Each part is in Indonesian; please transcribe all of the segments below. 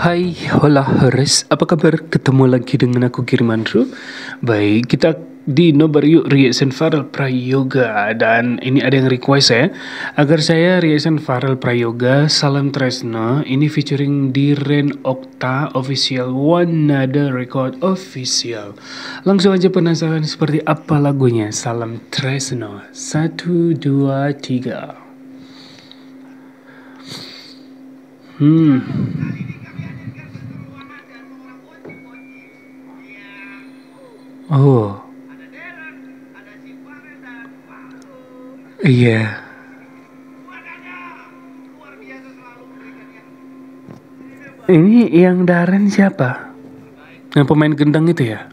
Hai, hola Horis. apa kabar? Ketemu lagi dengan aku Kirmanru Baik, kita di nobar yuk reaction viral Prayoga Dan ini ada yang request ya Agar saya reaction viral Prayoga, Salam Tresno Ini featuring di Ren Okta Official One Nada Record Official Langsung aja penasaran seperti apa lagunya Salam Tresno Satu, dua, tiga Hmm Oh. Iya. Ini yang Darren siapa? Yang pemain gendang itu ya?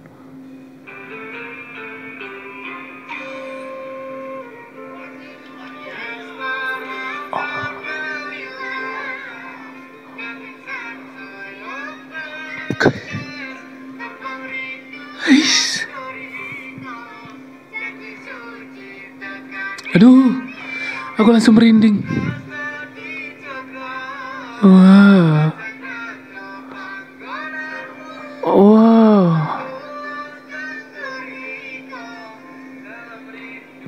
Aduh, aku langsung merinding. Wow. Wow.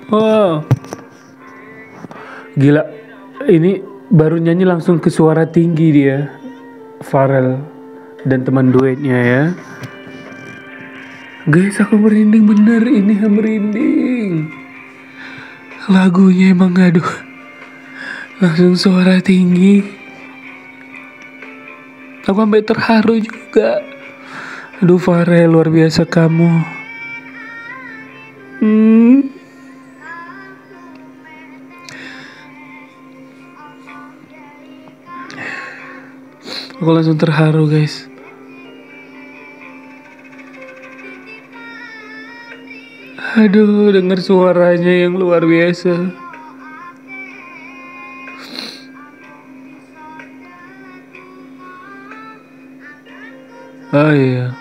Wow. Gila, ini baru nyanyi langsung ke suara tinggi dia. Farel dan teman duetnya ya. Guys, aku merinding bener ini merinding lagunya emang aduh langsung suara tinggi aku sampai terharu juga aduh Farel luar biasa kamu hmm. aku langsung terharu guys Aduh, dengar suaranya yang luar biasa. Oh iya.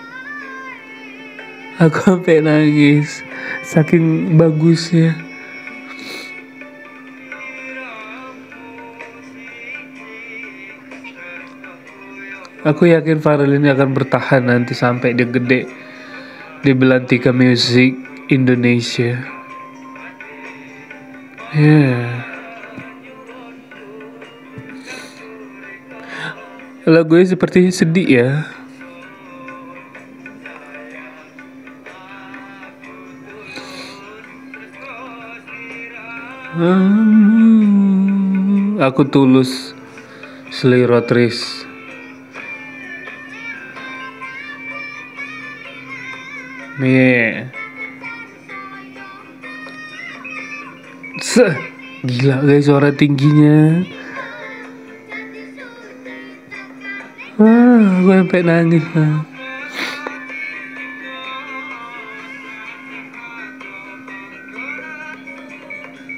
Aku sampai nangis. Saking bagusnya. Aku yakin Farel ini akan bertahan nanti sampai dia gede di Belantika musik. Indonesia. Ya. Yeah. Lagunya seperti sedih ya. Hmm. Aku tulus selirotris. Yeah. Seh. Gila guys suara tingginya. Ah, gue sampai nangis lah.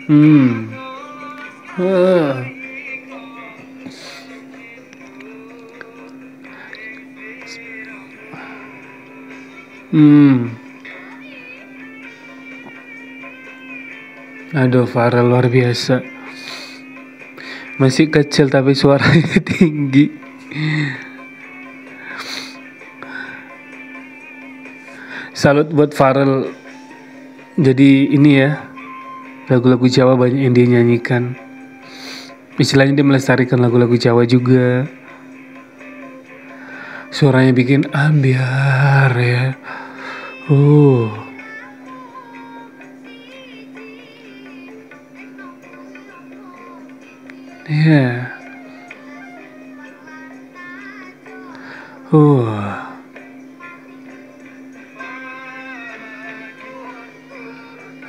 Hmm. Uh. Hmm. Aduh Farel luar biasa Masih kecil tapi suaranya tinggi Salut buat Farel Jadi ini ya Lagu-lagu Jawa banyak yang dia nyanyikan Istilahnya dia melestarikan lagu-lagu Jawa juga Suaranya bikin ambiar ya Uh Yeah. Uh.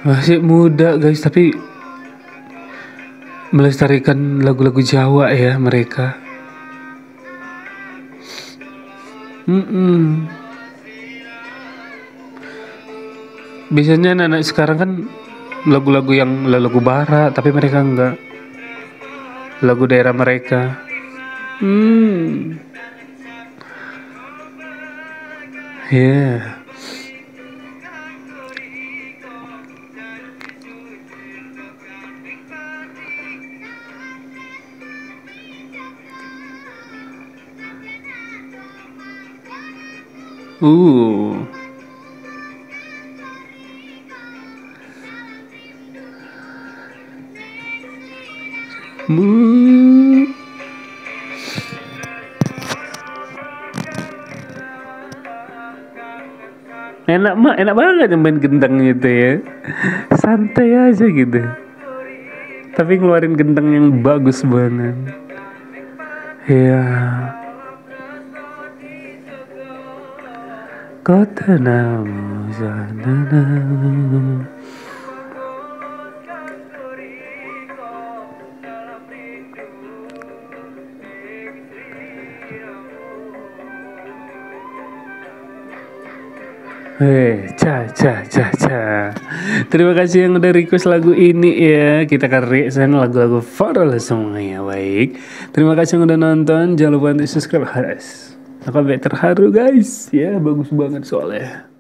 Masih muda guys, tapi melestarikan lagu-lagu Jawa ya mereka. Mm -mm. Biasanya anak-anak sekarang kan lagu-lagu yang lagu barat, tapi mereka enggak lagu daerah mereka. Hmm. Yeah. Ooh. enak mah enak banget yang main gendang gitu ya santai aja gitu tapi ngeluarin gendang yang bagus banget ya kota namu Hei, ja, ja, ja, ja. Terima kasih yang udah request lagu ini ya. Kita akan reaction lagu-lagu viral semuanya. Baik. Terima kasih yang udah nonton. Jangan lupa untuk subscribe. Harus. Aku sampai terharu guys. Ya, bagus banget soalnya.